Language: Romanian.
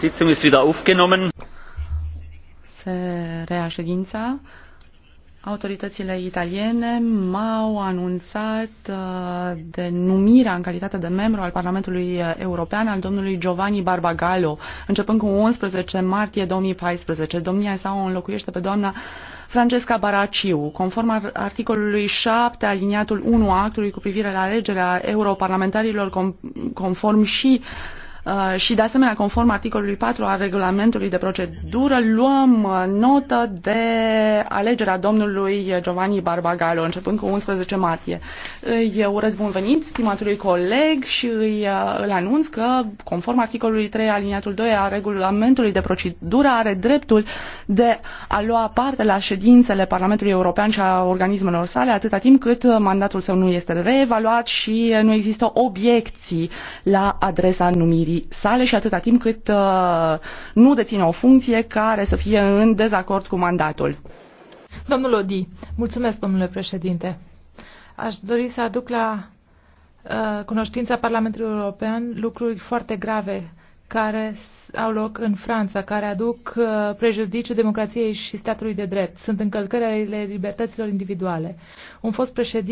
Sitzung ist wieder aufgenommen. Se Autoritățile italiene m-au anunțat uh, de numirea în calitate de membru al Parlamentului European al domnului Giovanni Barbagallo, începând cu 11 martie 2014. Domnia sa o înlocuiește pe doamna Francesca Baraciu, conform articolului 7 aliniatul 1 a actului cu privire la alegerea europarlamentarilor conform și Uh, și de asemenea, conform articolului 4 al regulamentului de procedură, luăm uh, notă de alegerea domnului Giovanni Barbagallo, începând cu 11 martie. Îi uh, urez bun venit stimatului coleg și îi, îl anunț că, conform articolului 3 aliniatul 2 al regulamentului de procedură, are dreptul de a lua parte la ședințele Parlamentului European și a organismelor sale atâta timp cât mandatul său nu este reevaluat și nu există obiecții la adresa numirii funcției sale și atâta timp cât uh, nu deține o funcție care să fie în dezacord cu mandatul. Domnul Odi, mulțumesc, domnule președinte. Aș dori să aduc la uh, cunoștința Parlamentului European lucruri foarte grave care au loc în Franța, care aduc uh, prejudiciu democrației și statului de drept. Sunt încălcări ale libertăților individuale. Un fost președinte